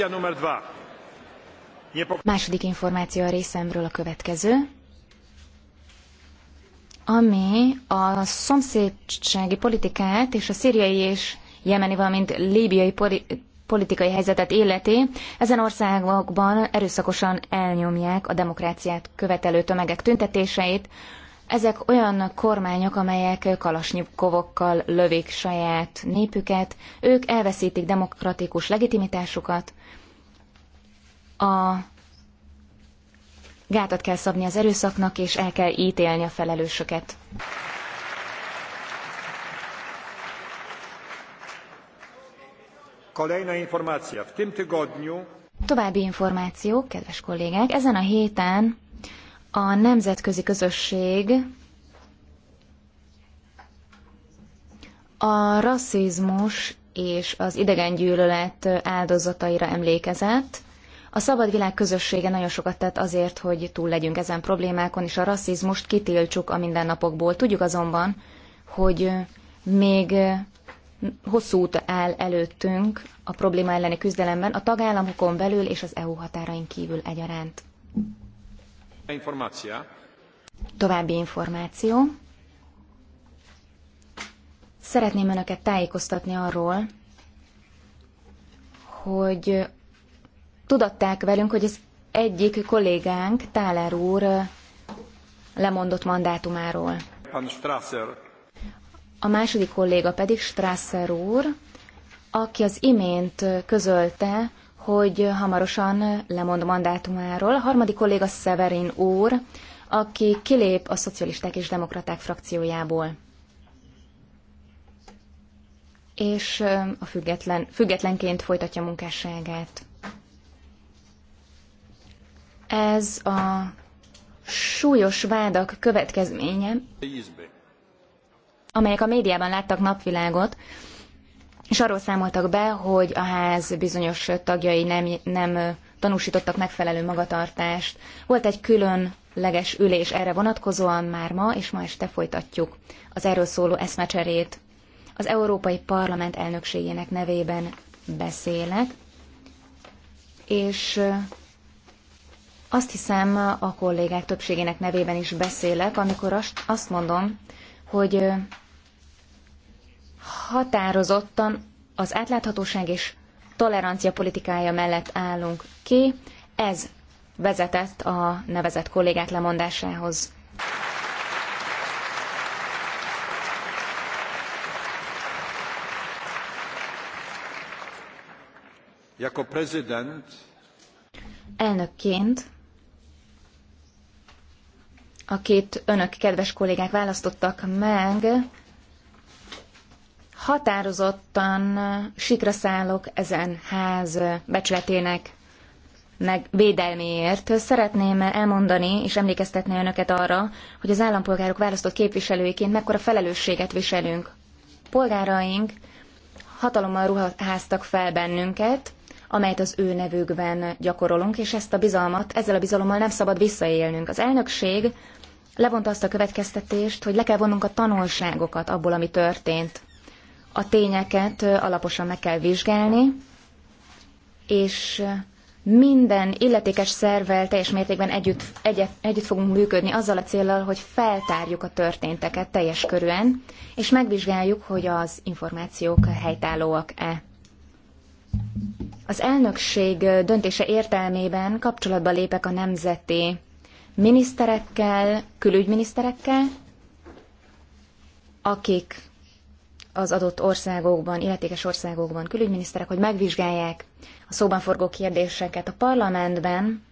E, numer 2. Második információ a részemről a következő. Ami a szomszédsági politikát és a szíriai és jemeni, valamint líbiai politikai helyzetet életé, ezen országokban erőszakosan elnyomják a demokráciát követelő tömegek tüntetéseit, ezek olyan kormányok, amelyek kalasnyikovokkal lövik saját népüket, ők elveszítik demokratikus legitimitásukat, a gátat kell szabni az erőszaknak, és el kell ítélni a felelősöket. Kolejna információ. További információk, kedves kollégák, ezen a héten a nemzetközi közösség a rasszizmus és az idegengyűlölet áldozataira emlékezett. A szabad világ közössége nagyon sokat tett azért, hogy túl legyünk ezen problémákon, és a rasszizmust kitiltsuk a mindennapokból. Tudjuk azonban, hogy még hosszú út áll előttünk a probléma elleni küzdelemben a tagállamokon belül és az EU határain kívül egyaránt. További információ. Szeretném Önöket tájékoztatni arról, hogy tudatták velünk, hogy az egyik kollégánk, Táler úr, lemondott mandátumáról. A második kolléga pedig Strasser úr, aki az imént közölte, hogy hamarosan lemond mandátumáról. A harmadik kolléga Severin úr, aki kilép a szocialisták és demokraták frakciójából. És a független, függetlenként folytatja munkásságát. Ez a súlyos vádak következménye, amelyek a médiában láttak napvilágot, és arról számoltak be, hogy a ház bizonyos tagjai nem, nem tanúsítottak megfelelő magatartást. Volt egy különleges ülés erre vonatkozóan már ma, és ma este folytatjuk az erről szóló eszmecserét. Az Európai Parlament elnökségének nevében beszélek, és eh, azt hiszem a kollégák többségének nevében is beszélek, amikor azt mondom, hogy eh, határozottan az átláthatóság és tolerancia politikája mellett állunk ki. Ez vezetett a nevezett kollégák lemondásához. Jako prezident Elnökként, akit önök kedves kollégák választottak meg, Határozottan sikra szállok ezen ház becsületének védelméért. Szeretném elmondani és emlékeztetni önöket arra, hogy az állampolgárok választott képviselőiként mekkora felelősséget viselünk. Polgáraink hatalommal ruháztak fel bennünket, amelyet az ő nevükben gyakorolunk, és ezt a bizalmat, ezzel a bizalommal nem szabad visszaélnünk. Az elnökség levonta azt a következtetést, hogy le kell vonnunk a tanulságokat abból, ami történt. A tényeket alaposan meg kell vizsgálni, és minden illetékes szervvel teljes mértékben együtt, egyet, együtt fogunk működni azzal a célral, hogy feltárjuk a történteket teljes körűen, és megvizsgáljuk, hogy az információk helytállóak-e. Az elnökség döntése értelmében kapcsolatba lépek a nemzeti miniszterekkel, külügyminiszterekkel, akik az adott országokban, illetékes országokban külügyminiszterek, hogy megvizsgálják a szóban forgó kérdéseket a parlamentben,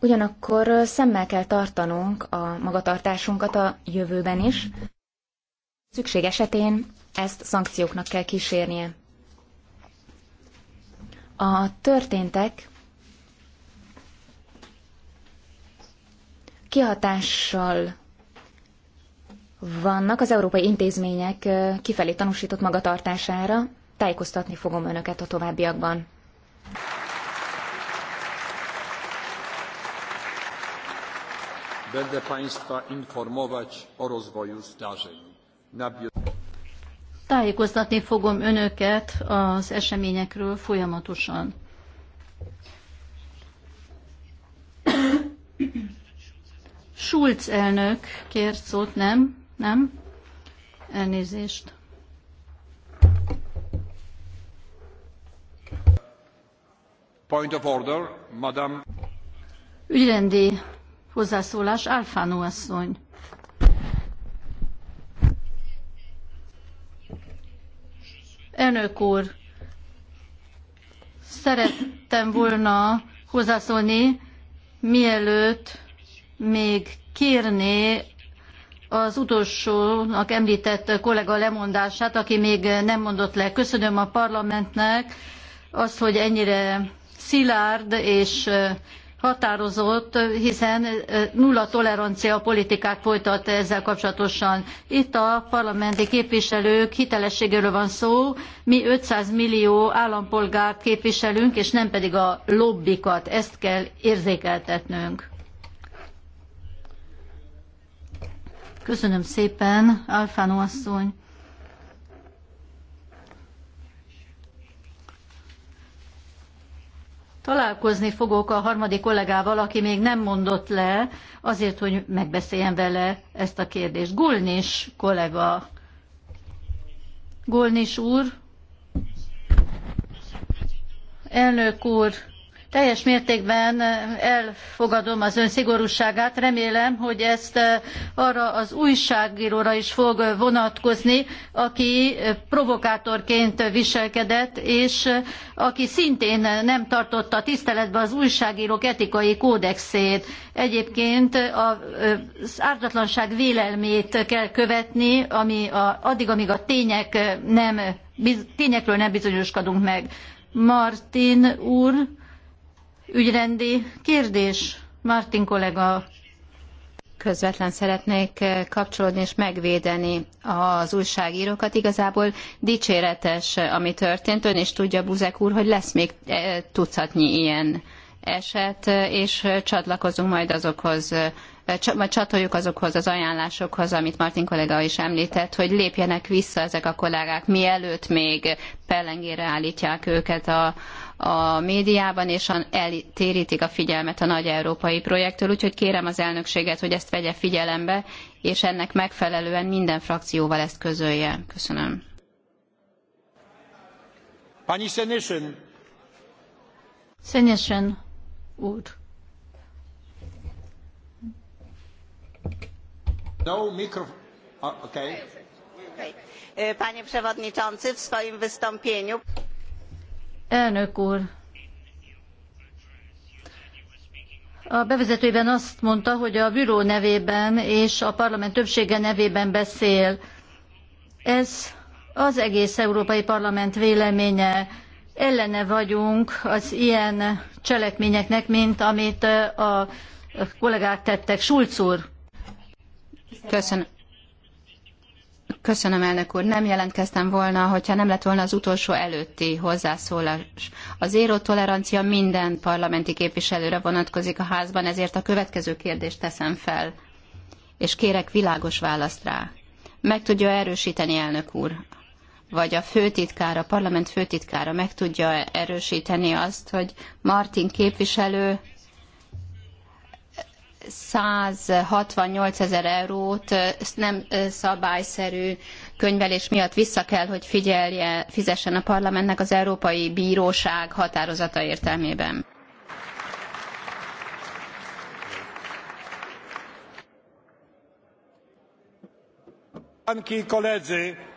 ugyanakkor szemmel kell tartanunk a magatartásunkat a jövőben is. Szükség esetén ezt szankcióknak kell kísérnie. A történtek kihatással vannak az európai intézmények kifelé tanúsított magatartására. Tájékoztatni fogom önöket a továbbiakban. Będę Państwa informować o rozwoju zdarzeń. Tájékoztatni fogom önöket az eseményekről folyamatosan. Schulz elnök kért szót, nem? Nem? Elnézést. Point of order, madam. Ügyrendi hozzászólás, Alfánó asszony. Elnök úr, szerettem volna hozzászólni, mielőtt még kérné az utolsónak említett kollega lemondását, aki még nem mondott le. Köszönöm a parlamentnek azt, hogy ennyire szilárd és határozott, hiszen nulla tolerancia politikát folytat ezzel kapcsolatosan. Itt a parlamenti képviselők hitelességéről van szó, mi 500 millió állampolgárt képviselünk, és nem pedig a lobbikat, ezt kell érzékeltetnünk. Köszönöm szépen, Alfánó asszony. Találkozni fogok a harmadik kollégával, aki még nem mondott le, azért, hogy megbeszéljen vele ezt a kérdést. Gulnis kollega. Gulnis úr. Elnök úr, teljes mértékben elfogadom az ön szigorúságát, remélem, hogy ezt eh, arra az újságíróra is fog vonatkozni, aki eh, provokátorként viselkedett, és eh, aki szintén nem tartotta tiszteletbe az újságírók etikai kódexét. Egyébként az ártatlanság vélelmét kell követni, ami addig, amíg a tények nem, tényekről nem bizonyoskodunk meg. Martin úr, Ügyrendi kérdés, Martin kollega. Közvetlen szeretnék eh, kapcsolódni és megvédeni az újságírókat. Igazából dicséretes, eh, ami történt. Ön is tudja, Buzek úr, hogy lesz még eh, tucatnyi ilyen eset, és csatlakozunk majd azokhoz, majd csatoljuk azokhoz az ajánlásokhoz, amit Martin kollega is említett, hogy lépjenek vissza ezek a kollégák, mielőtt még pellengére állítják őket a, a médiában, és eltérítik a figyelmet a nagy európai projektől. Úgyhogy kérem az elnökséget, hogy ezt vegye figyelembe, és ennek megfelelően minden frakcióval ezt közölje. Köszönöm. Pani Szenyesen úr. No, mikro... Okay. E, panie Przewodniczący, w swoim wystąpieniu... Elnök úr, A bevezetőben azt mondta, hogy a büró nevében és a parlament többsége nevében beszél. Ez az egész Európai Parlament véleménye ellene vagyunk az ilyen cselekményeknek, mint amit a kollégák tettek. Schulz úr. Köszönöm. Köszönöm, elnök úr. Nem jelentkeztem volna, hogyha nem lett volna az utolsó előtti hozzászólás. A zéró tolerancia minden parlamenti képviselőre vonatkozik a házban, ezért a következő kérdést teszem fel, és kérek világos választ rá. Meg tudja erősíteni, elnök úr, vagy a főtitkár, a parlament főtitkára meg tudja erősíteni azt, hogy Martin képviselő 168 ezer eurót nem szabályszerű könyvelés miatt vissza kell, hogy figyelje, fizessen a parlamentnek az Európai Bíróság határozata értelmében. Kollégák!